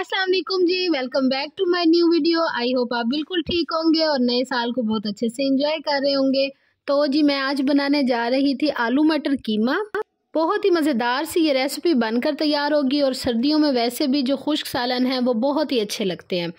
असलम जी welcome back to my new video I hope आप बिल्कुल ठीक होंगे और नए साल को बहुत अच्छे से इंजॉय कर रहे होंगे तो जी मैं आज बनाने जा रही थी आलू मटर कीमा बहुत ही मज़ेदार सी ये रेसिपी बनकर तैयार होगी और सर्दियों में वैसे भी जो खुश्क सालन है वो बहुत ही अच्छे लगते हैं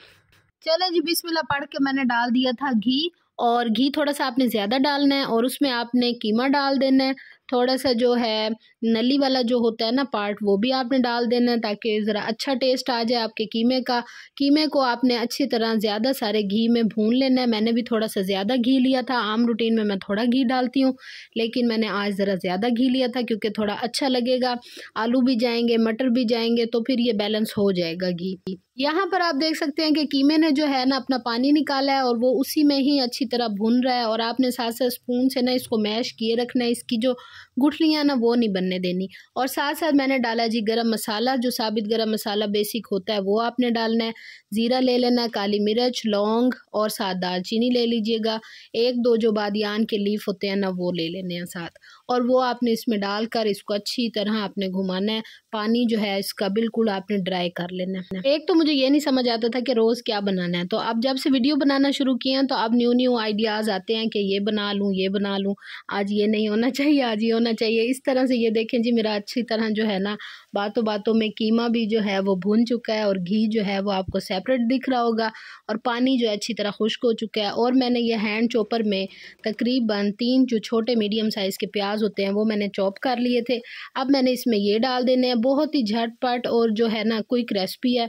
चलो जी बिस्मिल्लाह पढ़ के मैंने डाल दिया था घी और घी थोड़ा सा आपने ज़्यादा डालना है और उसमें आपने कीमा डाल देना है थोड़ा सा जो है नली वाला जो होता है ना पार्ट वो भी आपने डाल देना है ताकि ज़रा अच्छा टेस्ट आ जाए आपके कीमे का कीमे को आपने अच्छी तरह ज़्यादा सारे घी में भून लेना है मैंने भी थोड़ा सा ज़्यादा घी लिया था आम रूटीन में मैं थोड़ा घी डालती हूँ लेकिन मैंने आज ज़रा ज़्यादा घी लिया था क्योंकि थोड़ा अच्छा लगेगा आलू भी जाएंगे मटर भी जाएंगे तो फिर ये बैलेंस हो जाएगा घी यहाँ पर आप देख सकते हैं कि कीमे ने जो है ना अपना पानी निकाला है और वो उसी में ही अच्छी तरह भून रहा है और आपने साथ साथ स्पून से ना इसको मैश किए रखना है इसकी जो गुठलियाँ ना वो नहीं बनने देनी और साथ साथ मैंने डाला जी गरम मसाला जो साबित गरम मसाला बेसिक होता है वो आपने डालना है ज़ीरा ले लेना है काली मिर्च लौंग और साथ दालचीनी ले लीजिएगा एक दो जो बादियान के लीफ होते हैं ना वो ले लेने हैं साथ और वो आपने इसमें डालकर इसको अच्छी तरह आपने घुमाना है पानी जो है इसका बिल्कुल आपने ड्राई कर लेना है एक तो मुझे ये नहीं समझ आता था कि रोज़ क्या बनाना है तो अब जब से वीडियो बनाना शुरू किए हैं तो अब न्यू न्यू आइडियाज़ आते हैं कि ये बना लूँ ये बना लूँ आज ये नहीं होना चाहिए आज ये होना चाहिए इस तरह से ये देखें जी मेरा अच्छी तरह जो है ना बातों बातों में कीमा भी जो है वो भुन चुका है और घी जो है वो आपको सेपरेट दिख रहा होगा और पानी जो है अच्छी तरह खुश्क हो चुका है और मैंने ये हैंड चोपर में तकरीबन तीन जो छोटे मीडियम साइज़ के प्याज प्याज होते हैं वो मैंने चॉप कर लिए थे अब मैंने इसमें ये डाल देने हैं बहुत ही झटपट और जो है ना क्विक रेसिपी है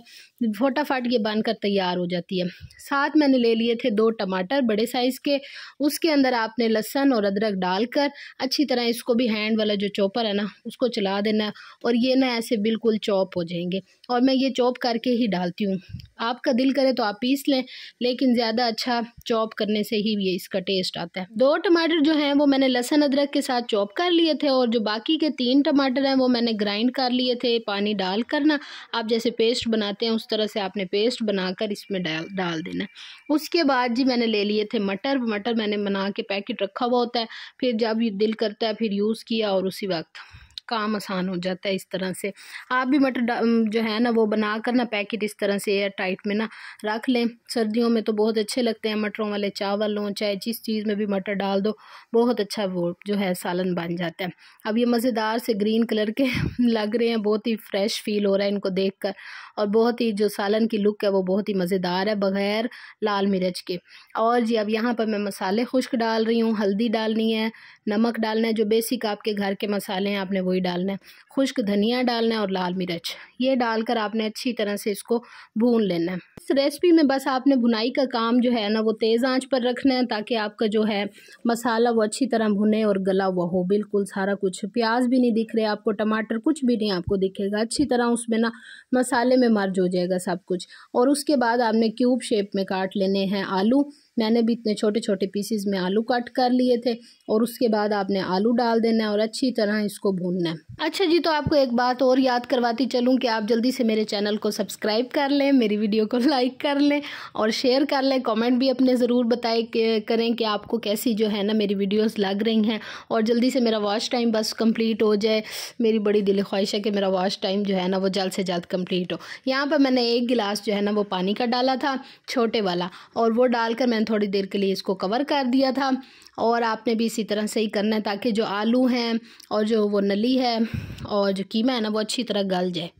फटाफट ये बनकर तैयार हो जाती है साथ मैंने ले लिए थे दो टमाटर बड़े साइज़ के उसके अंदर आपने लहसन और अदरक डालकर अच्छी तरह इसको भी हैंड वाला जो चॉपर है ना उसको चला देना और ये ना ऐसे बिल्कुल चॉप हो जाएंगे और मैं ये चॉप करके ही डालती हूँ आपका दिल करे तो आप पीस लें लेकिन ज़्यादा अच्छा चॉप करने से ही ये इसका टेस्ट आता है दो टमाटर जो हैं वो मैंने लहसन अदरक के साथ चॉप कर लिए थे और जो बाकी के तीन टमाटर हैं वो मैंने ग्राइंड कर लिए थे पानी डाल करना आप जैसे पेस्ट बनाते हैं उस तरह से आपने पेस्ट बनाकर इसमें डाल डाल देना उसके बाद जी मैंने ले लिए थे मटर मटर मैंने बना के पैकेट रखा हुआ होता है फिर जब दिल करता है फिर यूज़ किया और उसी वक्त काम आसान हो जाता है इस तरह से आप भी मटर जो है ना वो बना कर ना पैकेट इस तरह से एयर टाइट में ना रख लें सर्दियों में तो बहुत अच्छे लगते हैं मटरों वाले चावल हों चाहे जिस चीज़ में भी मटर डाल दो बहुत अच्छा वो जो है सालन बन जाता है अब ये मज़ेदार से ग्रीन कलर के लग रहे हैं बहुत ही फ्रेश फील हो रहा है इनको देख कर और बहुत ही जो सालन की लुक है वो बहुत ही मज़ेदार है बग़ैर लाल मिर्च के और जी अब यहाँ पर मैं मसाले खुश्क डाल रही हूँ हल्दी डालनी है नमक डालना है जो बेसिक आपके घर के मसाले हैं आपने वो वही डालना है खुश्क धनिया डालना है और लाल मिर्च ये डालकर आपने अच्छी तरह से इसको भून लेना है इस रेसिपी में बस आपने भुनाई का काम जो है ना वो तेज़ आंच पर रखना है ताकि आपका जो है मसाला वो अच्छी तरह भुने और गला हुआ हो बिल्कुल सारा कुछ प्याज भी नहीं दिख रहे आपको टमाटर कुछ भी नहीं आपको दिखेगा अच्छी तरह उसमें ना मसाले में मर्ज हो जाएगा सब कुछ और उसके बाद आपने क्यूब शेप में काट लेने हैं आलू मैंने भी इतने छोटे छोटे पीसीज में आलू कट कर लिए थे और उसके बाद आपने आलू डाल देना है और अच्छी तरह इसको भूनना है अच्छा जी तो आपको एक बात और याद करवाती चलूँ कि आप जल्दी से मेरे चैनल को सब्सक्राइब कर लें मेरी वीडियो को लाइक कर लें और शेयर कर लें कॉमेंट भी अपने ज़रूर बताए करें कि आपको कैसी जो है ना मेरी वीडियोज़ लग रही हैं और जल्दी से मेरा वॉच टाइम बस कम्प्लीट हो जाए मेरी बड़ी दिल ख्वाहिश है कि मेरा वॉच टाइम जो है ना वो जल्द से जल्द कम्प्लीट हो यहाँ पर मैंने एक गिलास जो है ना वो पानी का डाला था छोटे वाला और वो डालकर मैंने मैंने थोड़ी देर के लिए इसको कवर कर दिया था और आपने भी इसी तरह से ही करना है ताकि जो आलू हैं और जो वो नली है और जो कीमा है ना वो अच्छी तरह गल जाए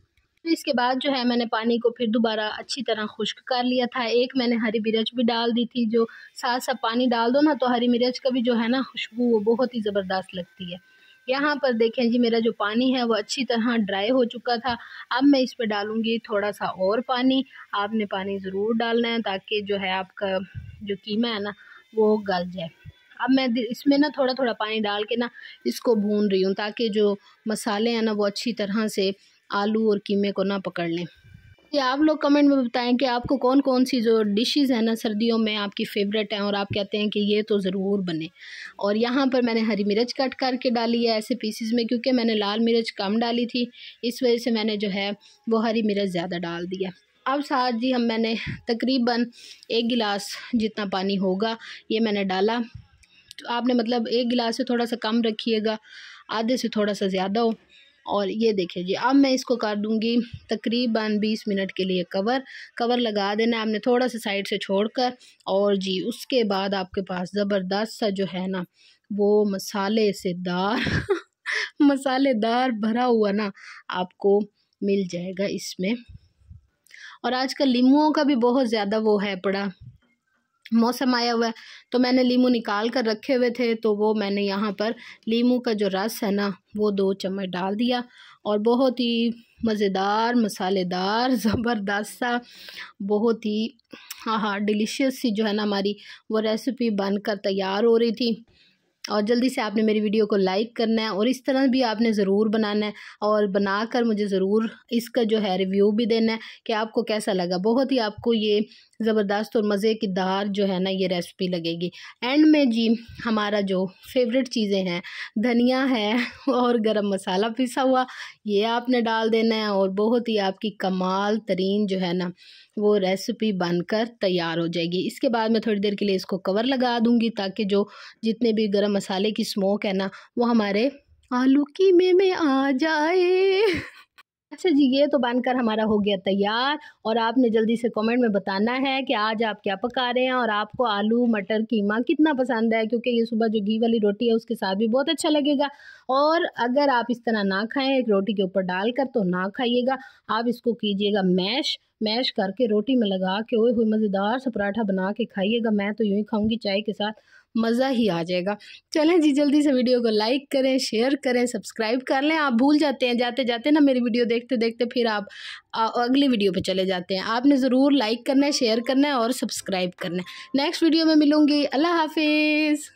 तो इसके बाद जो है मैंने पानी को फिर दोबारा अच्छी तरह खुश्क कर लिया था एक मैंने हरी मिर्च भी डाल दी थी जो साथ साथ पानी डाल दो ना तो हरी मिर्च का भी जो है ना खुशबू वो बहुत ही ज़बरदस्त लगती है यहाँ पर देखें जी मेरा जो पानी है वो अच्छी तरह ड्राई हो चुका था अब मैं इस पर डालूँगी थोड़ा सा और पानी आपने पानी ज़रूर डालना है ताकि जो है आपका जो कीमा है ना वो गल जाए अब मैं इसमें ना थोड़ा थोड़ा पानी डाल के ना इसको भून रही हूँ ताकि जो मसाले हैं ना वो अच्छी तरह से आलू और कीमे को ना पकड़ लें ये आप लोग कमेंट में बताएं कि आपको कौन कौन सी जो डिशेस हैं ना सर्दियों में आपकी फेवरेट हैं और आप कहते हैं कि ये तो ज़रूर बने और यहाँ पर मैंने हरी मिर्च कट करके डाली है ऐसे पीसेस में क्योंकि मैंने लाल मिर्च कम डाली थी इस वजह से मैंने जो है वो हरी मिर्च ज़्यादा डाल दिया अब साथ जी हम मैंने तकरीबन एक गिलास जितना पानी होगा ये मैंने डाला तो आपने मतलब एक गिलास से थोड़ा सा कम रखिएगा आधे से थोड़ा सा ज़्यादा हो और ये देखिए जी अब मैं इसको कर दूंगी तकरीबन बीस मिनट के लिए कवर कवर लगा देना आपने थोड़ा सा साइड से छोड़कर और जी उसके बाद आपके पास ज़बरदस्त सा जो है ना वो मसाले से दार मसालेदार भरा हुआ ना आपको मिल जाएगा इसमें और आजकल लीमुओं का भी बहुत ज़्यादा वो है पड़ा मौसम आया हुआ है तो मैंने लीमू निकाल कर रखे हुए थे तो वो मैंने यहाँ पर लीमू का जो रस है ना वो दो चम्मच डाल दिया और बहुत ही मज़ेदार मसालेदार ज़बरदस्त सा बहुत ही हाँ हाँ डिलीशियस सी जो है ना हमारी वो रेसिपी बनकर तैयार हो रही थी और जल्दी से आपने मेरी वीडियो को लाइक करना है और इस तरह भी आपने ज़रूर बनाना है और बनाकर मुझे ज़रूर इसका जो है रिव्यू भी देना है कि आपको कैसा लगा बहुत ही आपको ये ज़बरदस्त और मज़े की दार जो है ना ये रेसिपी लगेगी एंड में जी हमारा जो फेवरेट चीज़ें हैं धनिया है और गरम मसाला पिसा हुआ ये आपने डाल देना है और बहुत ही आपकी कमाल तरीन जो है ना वो रेसिपी बनकर तैयार हो जाएगी इसके बाद मैं थोड़ी देर के लिए इसको कवर लगा दूँगी ताकि जो जितने भी गर्म मसाले की स्मोक है ना वो हमारे आलू की में में आ जाए अच्छा जी ये तो बनकर हमारा हो गया तैयार और आपने जल्दी से कमेंट में बताना है कि आज आप क्या पका रहे हैं और आपको आलू मटर कीमा कितना पसंद है क्योंकि ये सुबह जो घी वाली रोटी है उसके साथ भी बहुत अच्छा लगेगा और अगर आप इस तरह ना खाएं एक रोटी के ऊपर डालकर तो ना खाइएगा आप इसको कीजिएगा मैश मैश करके रोटी में लगा के ओए हुए मज़ेदार सा पराठा बना के खाइएगा मैं तो यूँ ही खाऊँगी चाय के साथ मज़ा ही आ जाएगा चलें जी जल्दी से वीडियो को लाइक करें शेयर करें सब्सक्राइब कर लें आप भूल जाते हैं जाते जाते ना मेरी वीडियो देखते देखते फिर आप अगली वीडियो पर चले जाते हैं आपने ज़रूर लाइक करना है शेयर करना है और सब्सक्राइब करना है नेक्स्ट वीडियो में मिलूँगी अल्लाह हाफिज़